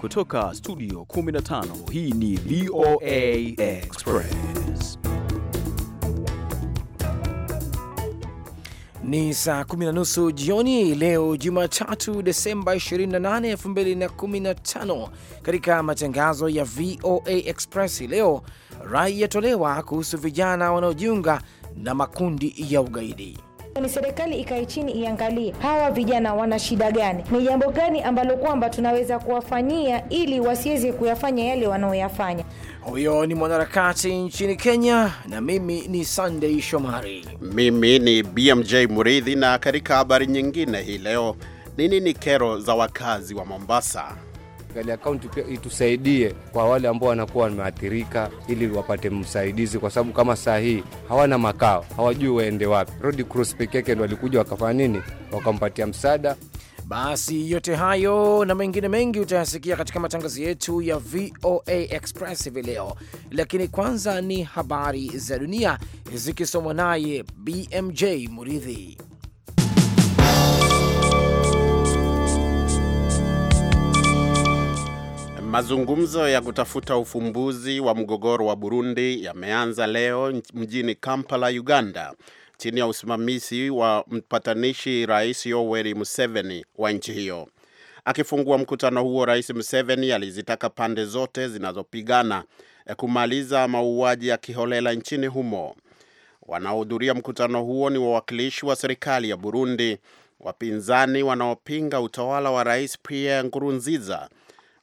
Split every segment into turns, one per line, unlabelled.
Kutoka studio 15 hii ni VOA
Express.
Ni saa kumi na nusu jioni leo Jumatatu, Desemba 28, 2015. Katika matangazo ya VOA Express leo, rai yatolewa kuhusu vijana wanaojiunga na makundi ya ugaidi
ni serikali ikae chini iangalie hawa vijana wana shida gani, ni jambo gani ambalo kwamba tunaweza kuwafanyia ili wasiweze kuyafanya yale wanaoyafanya.
Huyo ni mwanaharakati nchini Kenya, na mimi ni Sunday Shomari,
mimi ni BMJ Muridhi. Na katika habari nyingine hii leo, ni nini kero za wakazi wa Mombasa? serikali ya kaunti pia itusaidie kwa wale ambao
wanakuwa wameathirika, ili wapate msaidizi, kwa sababu kama saa hii hawana makao, hawajui waende wapi. Red Cross peke yake ndo walikuja wakafanya nini, wakampatia msaada. Basi
yote hayo na mengine mengi utayasikia katika matangazo yetu ya VOA Express hivi leo, lakini kwanza ni habari za dunia zikisomwa naye BMJ Muridhi.
Mazungumzo ya kutafuta ufumbuzi wa mgogoro wa Burundi yameanza leo mjini Kampala, Uganda, chini ya usimamizi wa mpatanishi Rais Yoweri Museveni wa nchi hiyo. Akifungua mkutano huo, Rais Museveni alizitaka pande zote zinazopigana eh, kumaliza mauaji ya kiholela nchini humo. Wanaohudhuria mkutano huo ni wawakilishi wa serikali ya Burundi, wapinzani wanaopinga utawala wa Rais Pierre Nkurunziza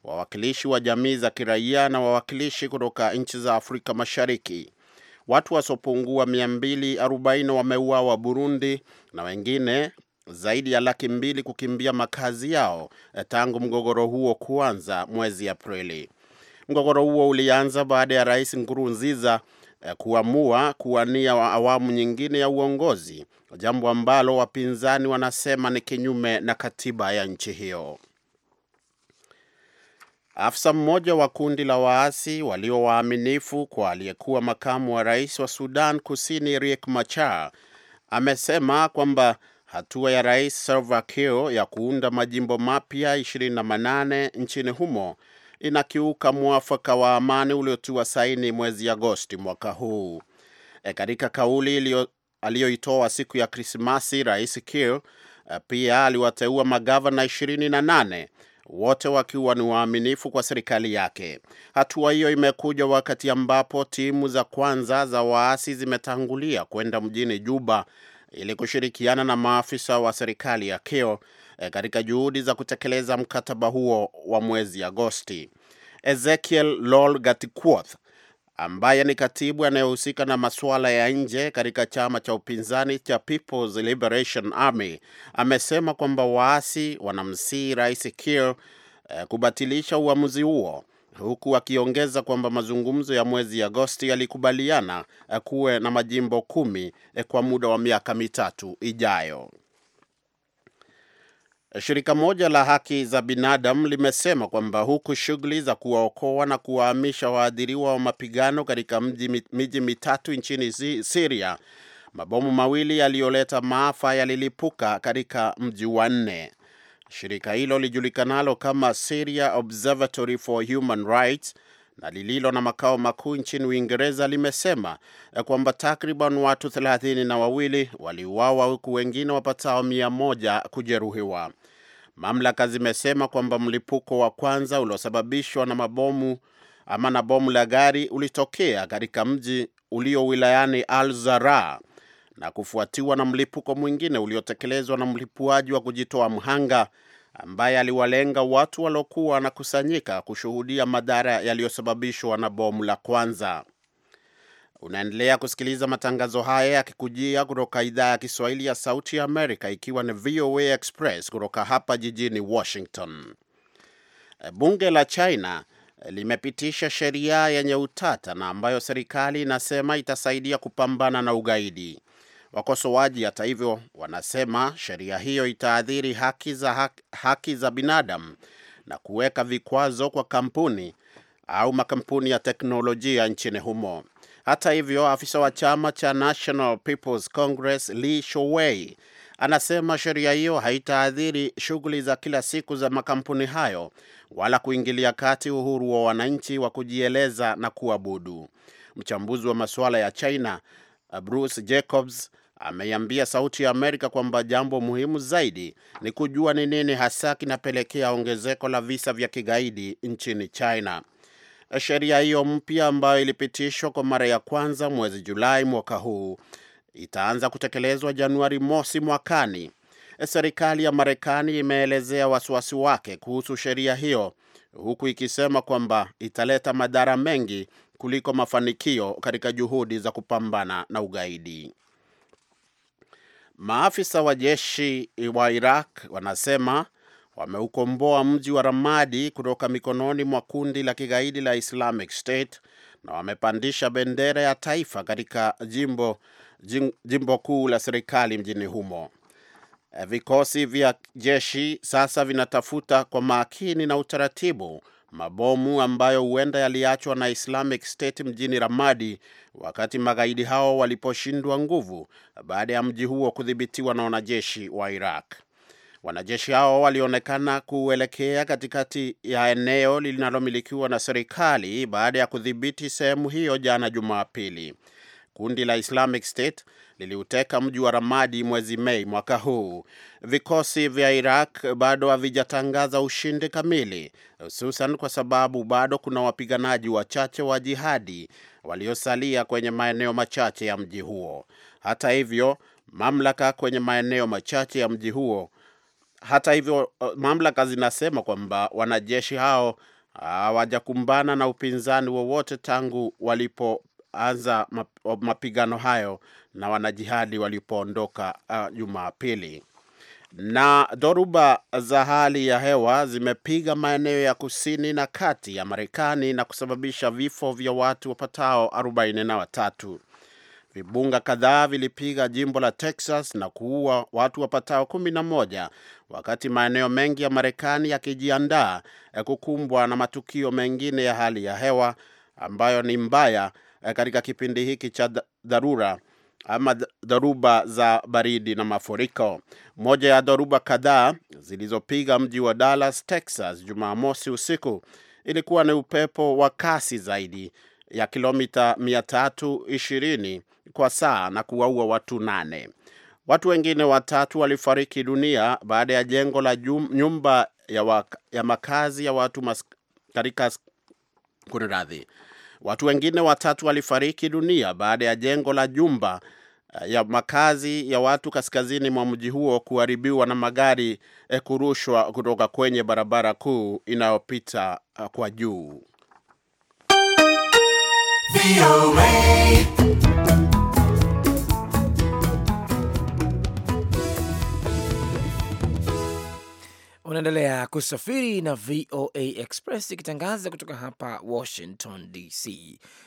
wawakilishi wa jamii za kiraia na wawakilishi kutoka nchi za Afrika Mashariki. Watu wasiopungua 240 wameuawa Burundi na wengine zaidi ya laki mbili kukimbia makazi yao eh, tangu mgogoro huo kuanza mwezi Aprili. Mgogoro huo ulianza baada ya Rais Nkurunziza eh, kuamua kuwania awamu nyingine ya uongozi, jambo ambalo wapinzani wanasema ni kinyume na katiba ya nchi hiyo. Afisa mmoja wa kundi la waasi walio waaminifu kwa aliyekuwa makamu wa rais wa Sudan Kusini Riek Machar amesema kwamba hatua ya rais Salva Kiir ya kuunda majimbo mapya 28 nchini humo inakiuka mwafaka wa amani uliotiwa saini mwezi Agosti mwaka huu. E, katika kauli aliyoitoa siku ya Krismasi, rais Kiir e, pia aliwateua magavana 28 wote wakiwa ni waaminifu kwa serikali yake. Hatua hiyo imekuja wakati ambapo timu za kwanza za waasi zimetangulia kwenda mjini Juba ili kushirikiana na maafisa wa serikali ya keo e, katika juhudi za kutekeleza mkataba huo wa mwezi Agosti. Ezekiel Lol Gatikuoth ambaye ni katibu anayehusika na masuala ya nje katika chama cha upinzani cha People's Liberation Army amesema kwamba waasi wanamsii Rais Kiir eh, kubatilisha uamuzi huo huku akiongeza kwamba mazungumzo ya mwezi Agosti yalikubaliana eh, kuwe na majimbo kumi eh, kwa muda wa miaka mitatu ijayo. Shirika moja la haki za binadamu limesema kwamba huku shughuli za kuwaokoa na kuwahamisha waadhiriwa wa mapigano katika miji mitatu nchini siria mabomu mawili yaliyoleta maafa yalilipuka katika mji wa nne. Shirika hilo lijulikanalo kama Syria Observatory for Human Rights na lililo na makao makuu nchini Uingereza limesema eh, kwamba takriban watu thelathini na wawili waliuawa huku wengine wapatao mia moja kujeruhiwa. Mamlaka zimesema kwamba mlipuko wa kwanza uliosababishwa na mabomu ama na bomu la gari ulitokea katika mji ulio wilayani Al Zara na kufuatiwa na mlipuko mwingine uliotekelezwa na mlipuaji wa kujitoa mhanga ambaye aliwalenga watu waliokuwa wanakusanyika kushuhudia madhara yaliyosababishwa na bomu la kwanza. Unaendelea kusikiliza matangazo haya yakikujia kutoka idhaa ya Kiswahili ya Sauti ya Amerika, ikiwa ni VOA Express kutoka hapa jijini Washington. Bunge la China limepitisha sheria yenye utata na ambayo serikali inasema itasaidia kupambana na ugaidi. Wakosoaji hata hivyo wanasema sheria hiyo itaathiri haki za, haki, haki za binadamu na kuweka vikwazo kwa kampuni au makampuni ya teknolojia nchini humo. Hata hivyo, afisa wa chama cha National People's Congress Lee anasema sheria hiyo haitaathiri shughuli za kila siku za makampuni hayo wala kuingilia kati uhuru wa wananchi wa kujieleza na kuabudu. Mchambuzi wa masuala ya China Bruce Jacobs ameiambia Sauti ya Amerika kwamba jambo muhimu zaidi ni kujua ni nini hasa kinapelekea ongezeko la visa vya kigaidi nchini China. Sheria hiyo mpya ambayo ilipitishwa kwa mara ya kwanza mwezi Julai mwaka huu itaanza kutekelezwa Januari mosi mwakani. Serikali ya Marekani imeelezea wasiwasi wake kuhusu sheria hiyo huku ikisema kwamba italeta madhara mengi kuliko mafanikio katika juhudi za kupambana na ugaidi. Maafisa wa jeshi wa Iraq wanasema wameukomboa mji wa Ramadi kutoka mikononi mwa kundi la kigaidi la Islamic State na wamepandisha bendera ya taifa katika jimbo, jimbo kuu la serikali mjini humo. Eh, vikosi vya jeshi sasa vinatafuta kwa makini na utaratibu mabomu ambayo huenda yaliachwa na Islamic State mjini Ramadi wakati magaidi hao waliposhindwa nguvu baada ya mji huo kudhibitiwa na wanajeshi wa Iraq. Wanajeshi hao walionekana kuelekea katikati ya eneo linalomilikiwa na serikali baada ya kudhibiti sehemu hiyo jana Jumapili. Kundi la Islamic State liliuteka mji wa Ramadi mwezi Mei mwaka huu. Vikosi vya Iraq bado havijatangaza ushindi kamili, hususan kwa sababu bado kuna wapiganaji wachache wa jihadi waliosalia kwenye maeneo machache ya mji huo. Hata hivyo, mamlaka kwenye maeneo machache ya mji huo hata hivyo, mamlaka zinasema kwamba wanajeshi hao hawajakumbana na upinzani wowote tangu walipo anza mapigano hayo na wanajihadi walipoondoka uh, Jumapili. Na dhoruba za hali ya hewa zimepiga maeneo ya kusini na kati ya Marekani na kusababisha vifo vya watu wapatao 43. watatu. Vibunga kadhaa vilipiga jimbo la Texas na kuua watu wapatao 11, moja wakati maeneo mengi ya Marekani yakijiandaa eh, kukumbwa na matukio mengine ya hali ya hewa ambayo ni mbaya Eh, katika kipindi hiki cha dharura ama dhoruba za baridi na mafuriko. Moja ya dhoruba kadhaa zilizopiga mji wa Dallas, Texas, Jumamosi usiku ilikuwa ni upepo wa kasi zaidi ya kilomita 320 kwa saa na kuwaua watu nane. Watu wengine watatu walifariki dunia baada ya jengo la nyumba ya, ya makazi ya watu katika kuniradhi Watu wengine watatu walifariki dunia baada ya jengo la jumba eh, ya makazi ya watu kaskazini mwa mji huo kuharibiwa na magari eh, kurushwa kutoka kwenye barabara kuu inayopita eh, kwa juu.
Unaendelea kusafiri na VOA Express ikitangaza kutoka hapa Washington DC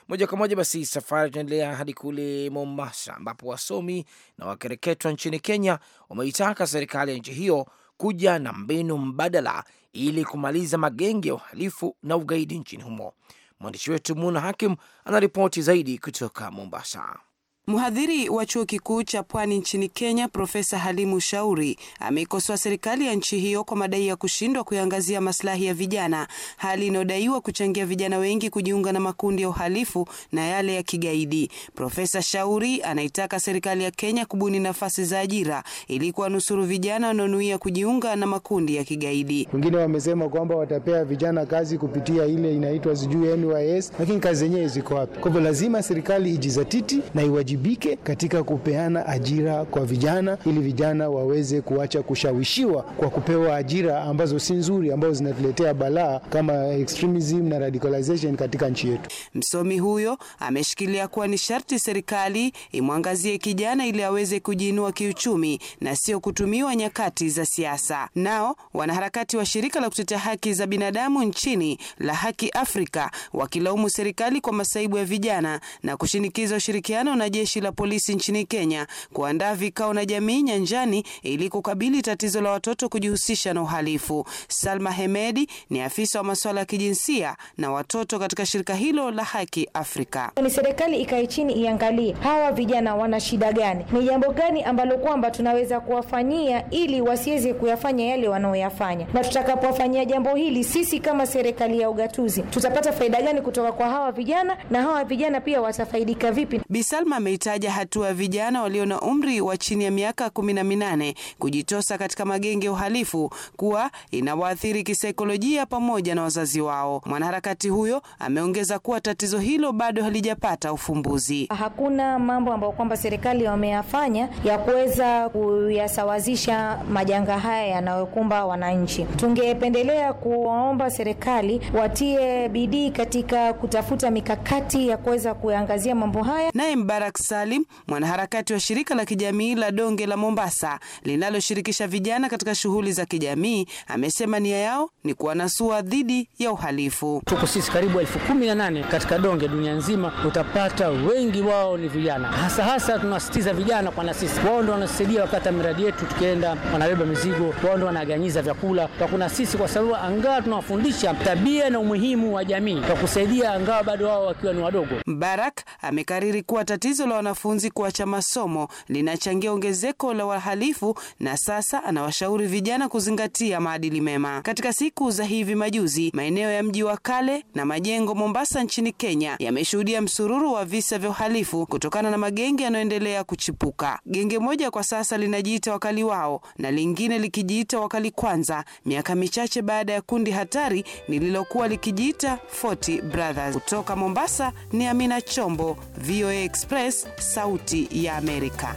moja kwa moja. Basi safari tunaendelea hadi kule Mombasa, ambapo wasomi na wakereketwa nchini Kenya wameitaka serikali ya nchi hiyo kuja na mbinu mbadala ili kumaliza magenge ya uhalifu na ugaidi nchini humo. Mwandishi wetu Muna Hakim anaripoti zaidi kutoka Mombasa. Mhadhiri wa chuo kikuu cha
Pwani nchini Kenya, Profesa Halimu Shauri ameikosoa serikali ya nchi hiyo kwa madai ya kushindwa kuyangazia maslahi ya vijana, hali inayodaiwa kuchangia vijana wengi kujiunga na makundi ya uhalifu na yale ya kigaidi. Profesa Shauri anaitaka serikali ya Kenya kubuni nafasi za ajira ili kuwanusuru vijana wanaonuia kujiunga na makundi ya kigaidi.
Wengine wamesema kwamba watapea vijana kazi kupitia ile inaitwa sijui NYS, lakini kazi zenyewe ziko wapi? Kwa hivyo lazima serikali ijizatiti na iwaji iwajibike katika kupeana ajira kwa vijana, ili vijana waweze kuacha kushawishiwa kwa kupewa ajira ambazo si nzuri, ambazo zinatuletea balaa kama extremism na radicalization katika nchi yetu.
Msomi huyo ameshikilia kuwa ni sharti serikali imwangazie kijana ili aweze kujiinua kiuchumi na sio kutumiwa nyakati za siasa. Nao wanaharakati wa shirika la kutetea haki za binadamu nchini la Haki Afrika wakilaumu serikali kwa masaibu ya vijana na kushinikiza ushirikiano na jeshi la polisi nchini Kenya kuandaa vikao na jamii nyanjani ili kukabili tatizo la watoto kujihusisha na uhalifu. Salma Hemedi ni afisa wa masuala ya kijinsia na watoto katika shirika hilo la Haki Afrika.
Ni serikali ikae chini iangalie hawa vijana wana shida gani, ni jambo gani ambalo kwamba tunaweza kuwafanyia ili wasiweze kuyafanya yale wanaoyafanya, na tutakapowafanyia jambo hili sisi kama serikali ya ugatuzi tutapata faida gani kutoka kwa hawa vijana, na hawa vijana pia watafaidika vipi? Bi Salma ameitaja hatua vijana walio na umri
wa chini ya miaka kumi na minane kujitosa katika magenge ya uhalifu kuwa inawaathiri kisaikolojia pamoja na wazazi wao. Mwanaharakati huyo ameongeza kuwa tatizo hilo bado halijapata ufumbuzi.
Hakuna mambo ambayo kwamba serikali wameyafanya ya kuweza kuyasawazisha majanga haya yanayokumba wananchi. Tungependelea kuwaomba serikali watie bidii katika kutafuta mikakati ya kuweza kuyaangazia mambo haya. Naye Mbarak Salim,
mwanaharakati wa shirika la kijamii la Donge la Mombasa linaloshirikisha vijana katika shughuli za kijamii, amesema nia yao ni kuwanasua dhidi ya uhalifu. Tuko sisi karibu elfu kumi na nane katika Donge dunia nzima, utapata wengi wao ni vijana, hasa hasa tunasitiza vijana, kwana sisi wao ndo wanasaidia wakati miradi yetu, tukienda wanabeba mizigo, wao ndo wanaganyiza vyakula kwa kuna sisi, kwa sababu angaa tunawafundisha tabia na umuhimu wa jamii kwa kusaidia, angaa bado wao wakiwa ni wadogo. Barak amekariri kuwa tatizo la wanafunzi kuacha masomo linachangia ongezeko la wahalifu na sasa anawashauri vijana kuzingatia maadili mema. Katika siku za hivi majuzi, maeneo ya mji wa kale na majengo Mombasa nchini Kenya yameshuhudia msururu wa visa vya uhalifu kutokana na magenge yanayoendelea kuchipuka. Genge moja kwa sasa linajiita wakali wao na lingine likijiita wakali kwanza, miaka michache baada ya kundi hatari lililokuwa likijiita Forty Brothers. Kutoka Mombasa ni Amina Chombo, VOA Express sauti ya Amerika.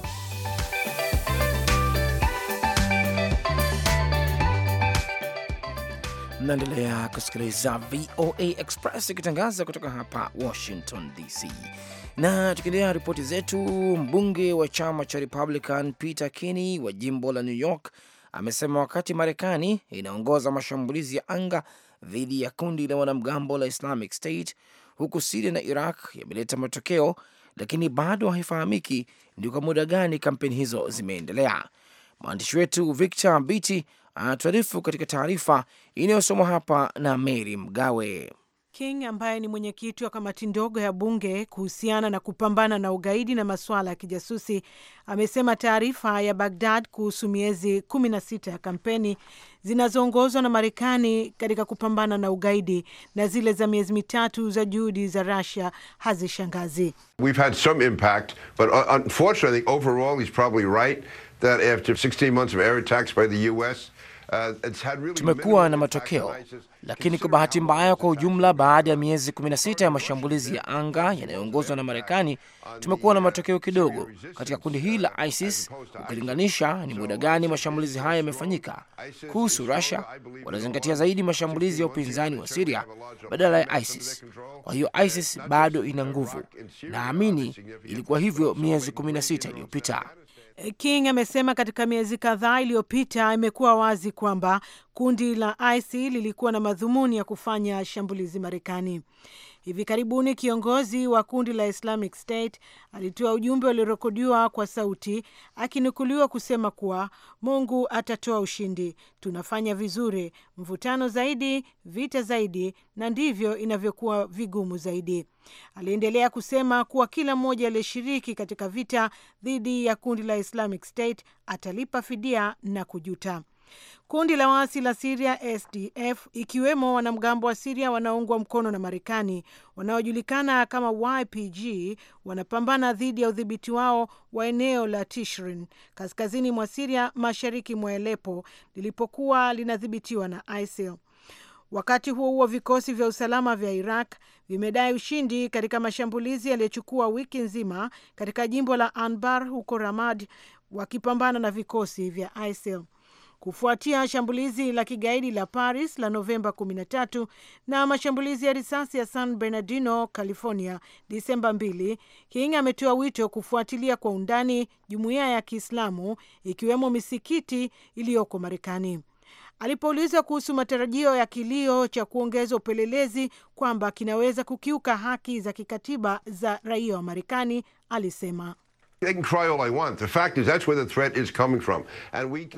Mnaendelea kusikiliza VOA Express ikitangaza kutoka hapa Washington DC, na tukiendelea ripoti zetu, mbunge wa chama cha Republican Peter Kinney wa jimbo la New York amesema wakati Marekani inaongoza mashambulizi ya anga dhidi ya kundi la wanamgambo la Islamic State, huku Siria na Iraq yameleta matokeo lakini bado haifahamiki ni kwa muda gani kampeni hizo zimeendelea. Mwandishi wetu Victor Biti anatuarifu katika taarifa inayosomwa hapa na Mary Mgawe.
King ambaye ni mwenyekiti wa kamati ndogo ya bunge kuhusiana na kupambana na ugaidi na masuala ya kijasusi amesema taarifa ya Bagdad kuhusu miezi 16 ya kampeni zinazoongozwa na Marekani katika kupambana na ugaidi na zile za miezi mitatu za juhudi za rasia hazishangazi. We've had some impact, but unfortunately overall he's probably right that after 16 months of air attacks by the US Uh, tumekuwa
na matokeo, lakini kwa bahati mbaya, kwa ujumla, uh, baada ya miezi 16 ya mashambulizi ya anga yanayoongozwa na Marekani, tumekuwa na matokeo kidogo katika kundi hili la uh, ISIS ukilinganisha ni muda gani mashambulizi haya yamefanyika. Kuhusu Russia, wanazingatia zaidi mashambulizi ya upinzani wa Siria badala ya ISIS. Kwa hiyo ISIS bado ina nguvu, naamini ilikuwa hivyo miezi 16 iliyopita.
Eh, King amesema katika miezi kadhaa iliyopita imekuwa wazi kwamba kundi la IC lilikuwa na madhumuni ya kufanya shambulizi Marekani. Hivi karibuni kiongozi wa kundi la Islamic State alitoa ujumbe uliorekodiwa kwa sauti akinukuliwa kusema kuwa Mungu atatoa ushindi, tunafanya vizuri, mvutano zaidi, vita zaidi, na ndivyo inavyokuwa vigumu zaidi. Aliendelea kusema kuwa kila mmoja aliyeshiriki katika vita dhidi ya kundi la Islamic State atalipa fidia na kujuta. Kundi la waasi la Siria SDF ikiwemo wanamgambo wa Siria wanaoungwa mkono na Marekani wanaojulikana kama YPG wanapambana dhidi ya udhibiti wao wa eneo la Tishrin kaskazini mwa Siria, mashariki mwa elepo lilipokuwa linadhibitiwa na ISIL. Wakati huo huo, vikosi vya usalama vya Iraq vimedai ushindi katika mashambulizi yaliyochukua wiki nzima katika jimbo la Anbar huko Ramadi, wakipambana na vikosi vya ISIL kufuatia shambulizi la kigaidi la Paris la Novemba 13 na mashambulizi ya risasi ya San Bernardino, California, Disemba 2. King ametoa wito kufuatilia kwa undani jumuiya ya Kiislamu ikiwemo misikiti iliyoko Marekani. Alipoulizwa kuhusu matarajio ya kilio cha kuongeza upelelezi kwamba kinaweza kukiuka haki za kikatiba za raia wa Marekani, alisema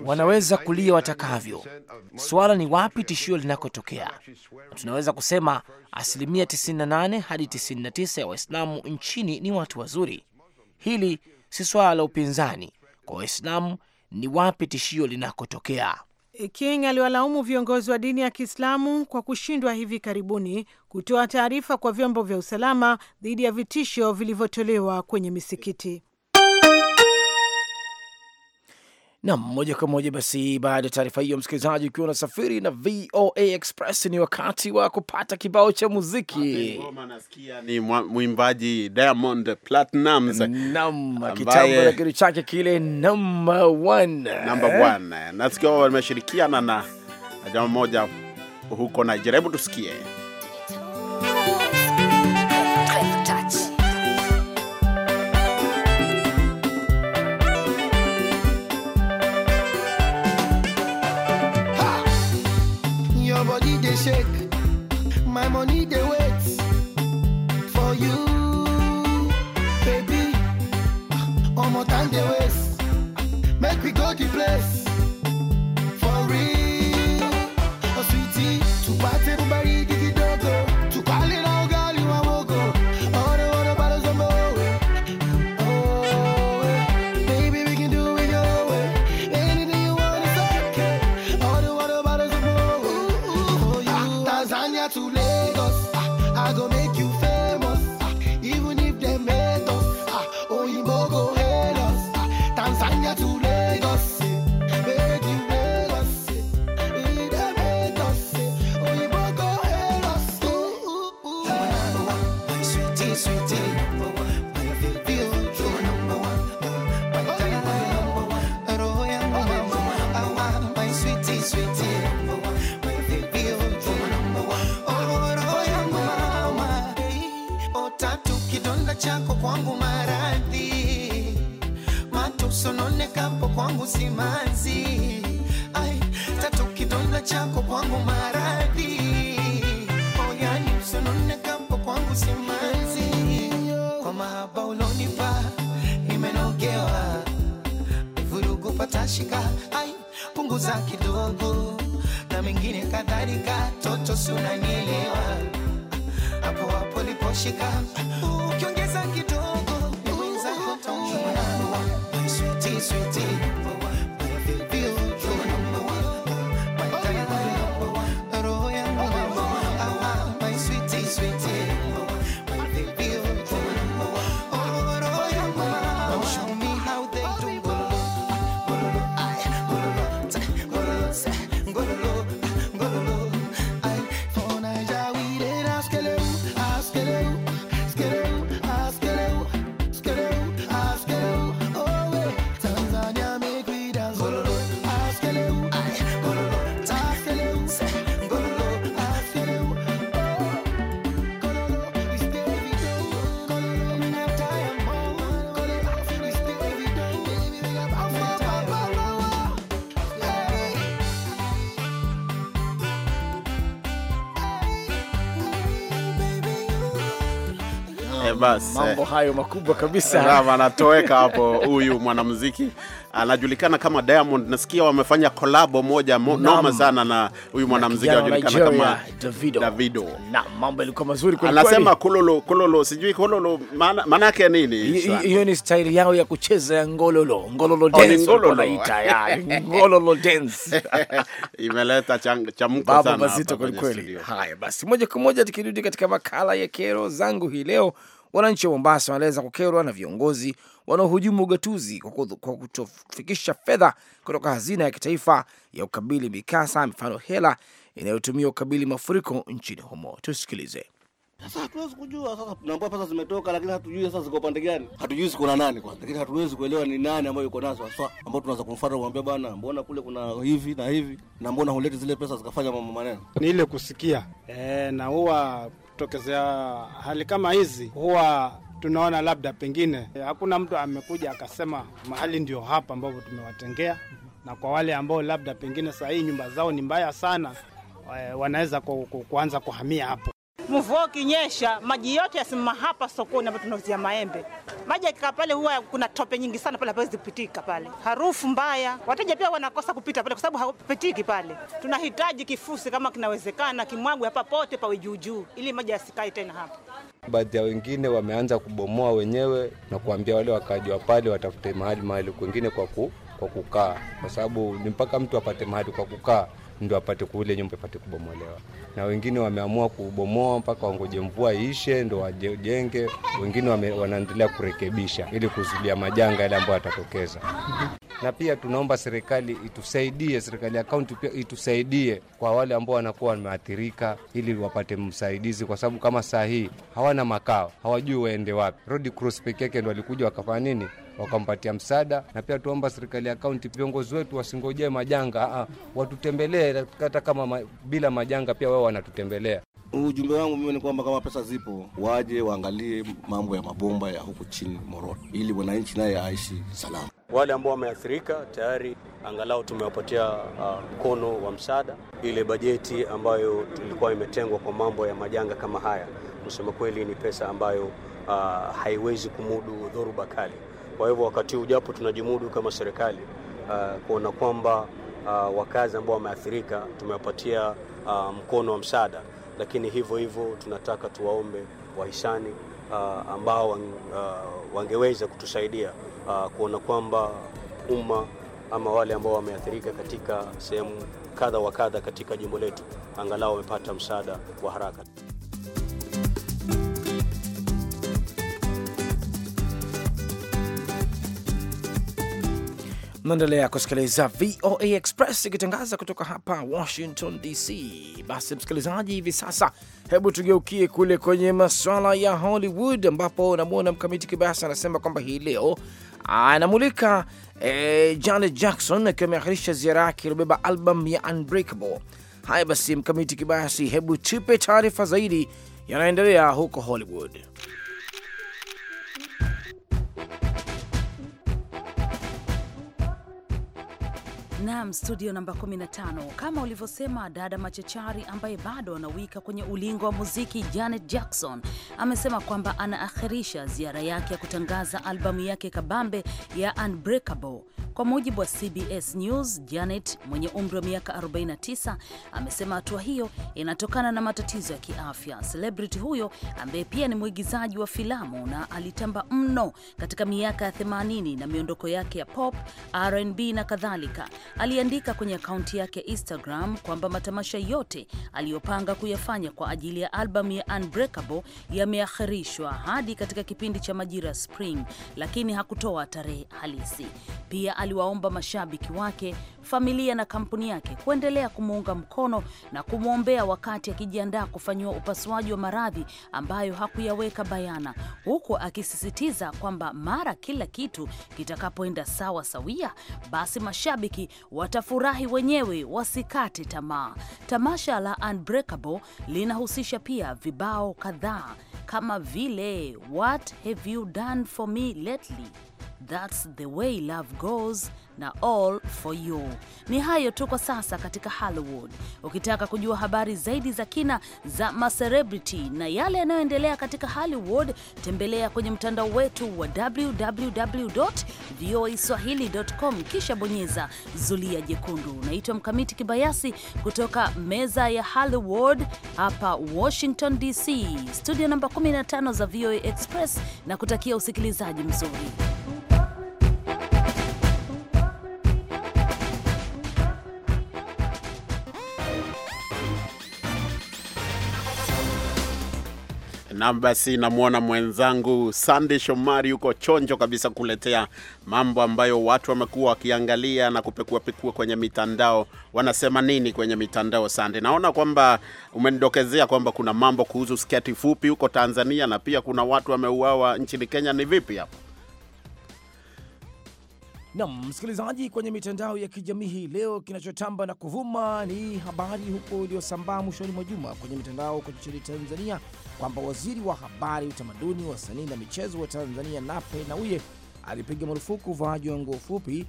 Wanaweza kulia watakavyo, swala ni wapi
tishio linakotokea. Tunaweza kusema asilimia 98 hadi 99 ya Waislamu nchini ni watu wazuri. Hili si swala la upinzani kwa Waislamu, ni wapi tishio linakotokea.
King aliwalaumu viongozi wa dini ya Kiislamu kwa kushindwa hivi karibuni kutoa taarifa kwa vyombo vya usalama dhidi ya vitisho vilivyotolewa kwenye misikiti.
na moja kwa moja basi, baada ya taarifa hiyo, msikilizaji, ukiwa unasafiri na VOA Express, ni wakati wa kupata kibao cha muziki.
ni mwimbaji Diamond Platnumz nam na kitu
chake kile number one, number eh?
one. Nasikia wameshirikiana na jamaa moja huko Nigeria. Hebu tusikie.
shake. My money they wait for you, baby. All my time they waste. Make me go to place. usononekapo kwangu simanzi, ai tatu kidonda chako kwangu maradi oyani usononekapo kwangu kwa mahaba ulonipa nimenogewa, vurugu patashika, ai punguza kidogo na mengine kadhalika, toto si hapo hapo liposhika ukiongea
basi mambo
hayo makubwa kabisa anatoweka hapo.
Huyu mwanamuziki anajulikana kama Diamond, nasikia wamefanya kolabo moja mo, noma sana na huyu mwanamuziki anajulikana kama Davido, Davido.
Na mambo yalikuwa mazuri kweli kweli, anasema
kololo kololo, sijui kololo maana yake nini? Hiyo
ni style yao ya kucheza ya ngololo ngololo oh, dance, ngololo wanaita ya
ngololo dance imeleta chamko sana, mambo mazito kweli kweli.
Haya basi, moja kwa moja tukirudi katika makala ya kero zangu hii leo Wananchi wa Mombasa wanaeleza kukerwa na viongozi wanaohujumu ugatuzi kwa kutofikisha fedha kutoka hazina ya kitaifa ya ukabili mikasa, mifano hela inayotumia ukabili mafuriko nchini humo. Tusikilize.
Sasa hatuwezi kujua, sasa tunaambiwa pesa
zimetoka, lakini hatujui sasa ziko pande gani, hatujui ziko na nani kwanza, lakini hatuwezi kuelewa ni nani ambayo yuko nazo ambao tunaweza kumfuata kumwambia, bwana, mbona kule kuna hivi na hivi, na mbona huleti zile pesa zikafanya mambo maneno. Ni ile kusikia
e, na huwa kutokezea hali kama hizi huwa tunaona labda pengine eh, hakuna mtu amekuja akasema mahali ndio hapa ambapo tumewatengea, na kwa wale ambao labda pengine saa hii nyumba zao ni mbaya sana, eh, wanaweza kuanza kuhamia hapo.
Mvua ukinyesha maji yote yasimama hapa sokoni, ambapo tunauzia maembe. Maji yakikaa pale, huwa kuna tope nyingi sana pale, hapawezi kupitika pale, harufu mbaya. Wateja pia wanakosa kupita pale kwa sababu hapitiki pale. Tunahitaji kifusi kama kinawezekana, kimwagwe hapa pote, pawe juu, ili maji yasikae tena hapa.
Baadhi ya wengine wameanza kubomoa wenyewe na kuambia wale wakaaji wa pale watafute mahali mahali kwengine kwa kukaa, kwa sababu ni mpaka mtu apate mahali kwa kukaa ndo apate kule nyumba ipate kubomolewa, na wengine wameamua kubomoa mpaka wangoje mvua iishe ndo wajenge. Wengine wame, wanaendelea kurekebisha ili kuzuia majanga yale ambayo yatatokeza. Na pia tunaomba serikali itusaidie, serikali ya kaunti pia itusaidie kwa wale ambao wanakuwa wameathirika, ili wapate msaidizi, kwa sababu kama saa hii hawana makao, hawajui waende wapi. Road Cross peke yake ndo walikuja wakafanya nini wakampatia msaada. Na pia tuomba serikali ya kaunti, viongozi wetu wasingojee majanga, watutembelee hata kama ma, bila majanga pia wao wanatutembelea. Ujumbe wangu mimi ni kwamba kama pesa zipo, waje waangalie mambo ya mabomba ya huku chini Moroto, ili wananchi naye aishi salama. Wale ambao wameathirika tayari angalau tumewapatia uh, mkono wa msaada. Ile bajeti ambayo ilikuwa imetengwa kwa mambo ya majanga kama haya, kusema kweli, ni pesa ambayo uh, haiwezi kumudu dhoruba kali. Kwa hivyo wakati huu japo tunajimudu kama serikali uh, kuona kwamba uh, wakazi ambao wameathirika tumewapatia uh, mkono wa msaada, lakini hivyo hivyo tunataka tuwaombe wahisani uh, ambao uh, wangeweza kutusaidia uh, kuona kwamba umma ama wale ambao wameathirika katika sehemu kadha wa kadha katika jimbo letu
angalau wamepata msaada wa haraka.
Naendelea kusikiliza VOA Express ikitangaza kutoka hapa Washington DC. Basi msikilizaji, hivi sasa hebu tugeukie kule kwenye maswala ya Hollywood, ambapo namwona Mkamiti Kibayasi anasema kwamba hii leo anamulika eh, Janet Jackson akiwa ameahirisha ziara yake iliobeba album ya Unbreakable. Haya basi, Mkamiti Kibayasi, hebu tupe taarifa zaidi yanaendelea huko Hollywood.
Nam studio namba 15, kama ulivyosema dada machachari, ambaye bado anawika kwenye ulingo wa muziki, Janet Jackson amesema kwamba anaakhirisha ziara yake ya kutangaza albamu yake kabambe ya Unbreakable kwa mujibu wa CBS News, Janet mwenye umri wa miaka 49 amesema hatua hiyo inatokana na matatizo ya kiafya. Celebrity huyo ambaye pia ni mwigizaji wa filamu na alitamba mno katika miaka ya 80 na miondoko yake ya pop, RnB na kadhalika, aliandika kwenye akaunti yake ya Instagram kwamba matamasha yote aliyopanga kuyafanya kwa ajili ya albamu ya Unbreakable yameakhirishwa hadi katika kipindi cha majira spring, lakini hakutoa tarehe halisi. Pia aliwaomba mashabiki wake, familia na kampuni yake kuendelea kumuunga mkono na kumwombea wakati akijiandaa kufanyiwa upasuaji wa maradhi ambayo hakuyaweka bayana, huku akisisitiza kwamba mara kila kitu kitakapoenda sawa sawia, basi mashabiki watafurahi wenyewe, wasikate tamaa. Tamasha la Unbreakable linahusisha pia vibao kadhaa kama vile What have you done for me lately? That's the way love goes na all for you. Ni hayo tu kwa sasa katika Hollywood. Ukitaka kujua habari zaidi za kina za macelebrity na yale yanayoendelea katika Hollywood, tembelea kwenye mtandao wetu wa www.voaswahili.com, kisha bonyeza zulia jekundu. Unaitwa Mkamiti Kibayasi kutoka meza ya Hollywood hapa Washington DC, studio namba 15 za VOA Express, na kutakia usikilizaji mzuri.
Nam, basi namwona mwenzangu Sande Shomari yuko chonjo kabisa kuletea mambo ambayo watu wamekuwa wakiangalia na kupekuapekua kwenye mitandao. Wanasema nini kwenye mitandao? Sande, naona kwamba umenidokezea kwamba kuna mambo kuhusu sketi fupi huko Tanzania na pia kuna watu wameuawa nchini Kenya. Ni vipi hapo?
na msikilizaji, kwenye mitandao ya kijamii hii leo, kinachotamba na kuvuma ni habari huko iliyosambaa mwishoni mwa juma kwenye mitandao huko nchini Tanzania kwamba waziri wa habari, utamaduni, wasanii na michezo wa Tanzania Nape Nnauye alipiga marufuku uvaaji wa nguo fupi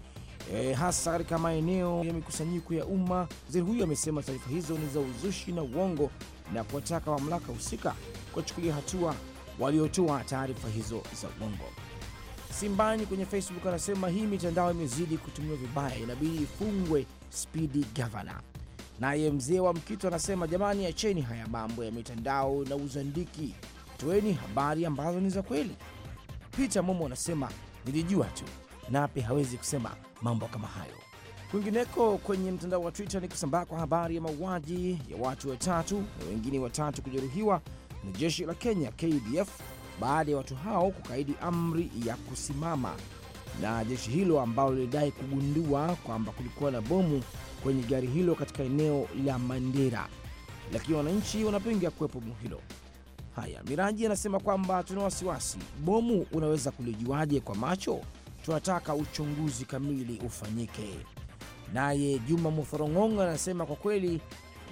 e, hasa katika maeneo ya mikusanyiko ya umma. Waziri huyo amesema taarifa hizo ni za uzushi na uongo na kuwataka mamlaka husika kuwachukulia hatua waliotoa taarifa hizo za uongo. Simbani kwenye Facebook anasema hii mitandao imezidi kutumiwa vibaya, inabidi ifungwe spidi gavana. Naye mzee wa Mkito anasema jamani, acheni haya mambo ya mitandao na uzandiki, toeni habari ambazo ni za kweli. Peter Momo anasema nilijua tu, Nape hawezi kusema mambo kama hayo. Kwingineko kwenye mtandao wa Twitter ni kusambaa kwa habari ya mauaji ya watu watatu na wengine watatu kujeruhiwa na jeshi la Kenya KDF baada ya watu hao kukaidi amri ya kusimama na jeshi hilo ambalo lilidai kugundua kwamba kulikuwa na bomu kwenye gari hilo katika eneo la Mandera, lakini wananchi wanapinga kuwepo bomu hilo. Haya, Miraji anasema kwamba tuna wasiwasi, bomu unaweza kulijuaje kwa macho? Tunataka uchunguzi kamili ufanyike. Naye Juma Muthorongongo anasema kwa kweli,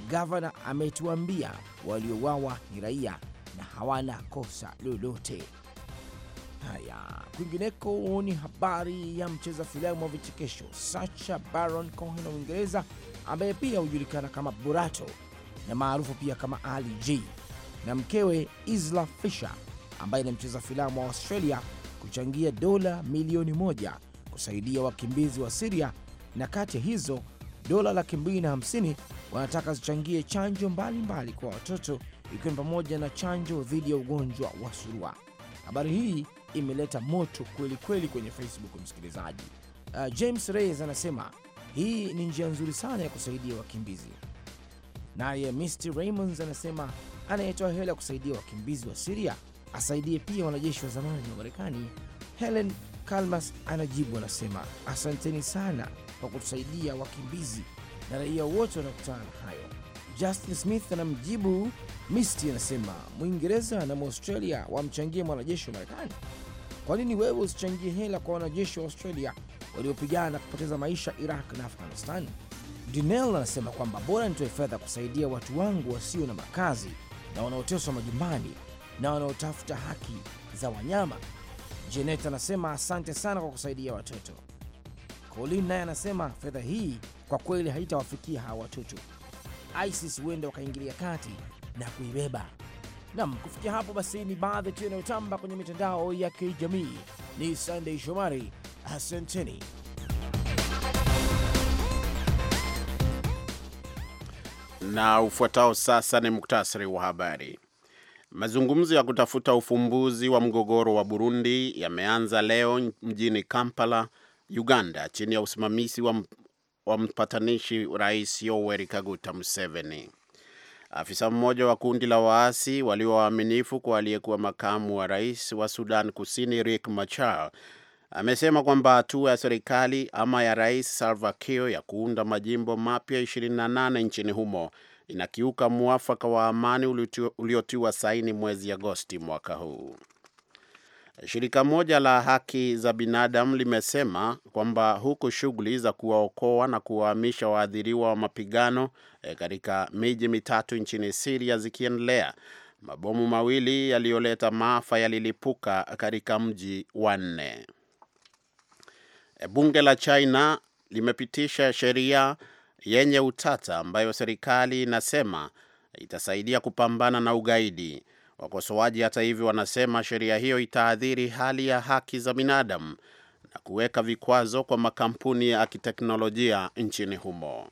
gavana ametuambia waliowawa ni raia na hawana kosa lolote. Haya, kwingineko ni habari ya mcheza filamu wa vichekesho Sacha Baron Cohen wa Uingereza, ambaye pia hujulikana kama Burato na maarufu pia kama Ali G, na mkewe Isla Fisher ambaye ni mcheza filamu wa Australia kuchangia dola milioni moja kusaidia wakimbizi wa Siria, na kati ya hizo dola laki mbili na hamsini wanataka zichangie chanjo mbalimbali mbali kwa watoto ikiwa ni pamoja na chanjo dhidi ya ugonjwa wa surua. Habari hii imeleta moto kweli kweli kwenye Facebook, msikilizaji. Uh, James Reyes anasema hii ni njia nzuri sana ya kusaidia wakimbizi. Naye Mr Raymonds anasema anayetoa hela kusaidia wakimbizi wa Siria asaidie pia wanajeshi wa zamani wa Marekani. Helen Kalmas anajibu anasema, asanteni sana kwa kutusaidia wakimbizi na raia wote wanaokutana na hayo. Justin Smith anamjibu Misty, anasema Mwingereza na Mwaustralia wamchangie mwanajeshi wa Marekani. Kwa nini wewe usichangie hela kwa wanajeshi wa Australia waliopigana na kupoteza maisha Iraq na Afghanistan? Dinel anasema kwamba bora nitoe fedha kusaidia watu wangu wasio na makazi na wanaoteswa majumbani na wanaotafuta haki za wanyama. Jenet anasema asante sana kwa kusaidia watoto. Colin naye anasema fedha hii kwa kweli haitawafikia hawa watoto. ISIS huenda wakaingilia kati na kuibeba. Nam, kufikia hapo basi ni baadhi tu yanayotamba kwenye mitandao ya kijamii. Ni Sunday Shomari, asanteni.
Na ufuatao sasa ni muktasari wa habari. Mazungumzo ya kutafuta ufumbuzi wa mgogoro wa Burundi yameanza leo mjini Kampala, Uganda, chini ya usimamizi wa wa mpatanishi Rais Yoweri Kaguta Museveni. Afisa mmoja wa kundi la waasi walio waaminifu kwa aliyekuwa makamu wa rais wa Sudan Kusini Riek Machar amesema kwamba hatua ya serikali ama ya Rais Salva Kiir ya kuunda majimbo mapya 28 nchini humo inakiuka mwafaka wa amani uliotiwa saini mwezi Agosti mwaka huu. Shirika moja la haki za binadamu limesema kwamba huku shughuli za kuwaokoa na kuwahamisha waathiriwa wa mapigano e, katika miji mitatu nchini Siria zikiendelea, mabomu mawili yaliyoleta maafa yalilipuka katika mji wa nne. E, bunge la China limepitisha sheria yenye utata ambayo serikali inasema itasaidia kupambana na ugaidi. Wakosoaji hata hivyo wanasema sheria hiyo itaathiri hali ya haki za binadamu na kuweka vikwazo kwa makampuni ya kiteknolojia nchini humo.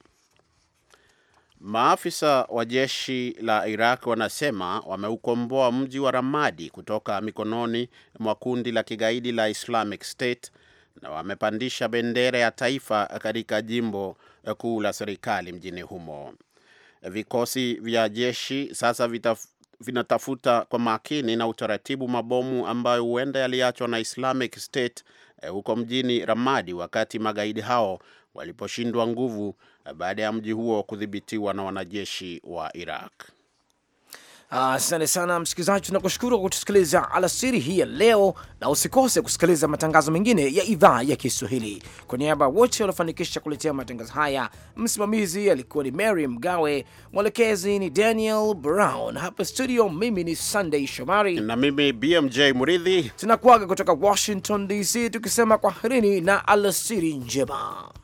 Maafisa wa jeshi la Iraq wanasema wameukomboa mji wa Ramadi kutoka mikononi mwa kundi la kigaidi la Islamic State na wamepandisha bendera ya taifa katika jimbo kuu la serikali mjini humo. Vikosi vya jeshi sasa vinatafuta kwa makini na utaratibu mabomu ambayo huenda yaliachwa na Islamic State eh, huko mjini Ramadi wakati magaidi hao waliposhindwa nguvu eh, baada ya mji huo kudhibitiwa na wanajeshi wa Iraq.
Asante uh, sana msikilizaji, tunakushukuru kwa kutusikiliza alasiri hii ya leo, na usikose kusikiliza matangazo mengine ya idhaa ya Kiswahili. Kwa niaba ya wote waliofanikisha kuletea matangazo haya, msimamizi alikuwa ni Mary Mgawe, mwelekezi ni Daniel Brown, hapa studio mimi ni Sunday Shomari
na mimi BMJ Muridhi,
tunakuaga kutoka Washington DC tukisema kwaherini na alasiri njema.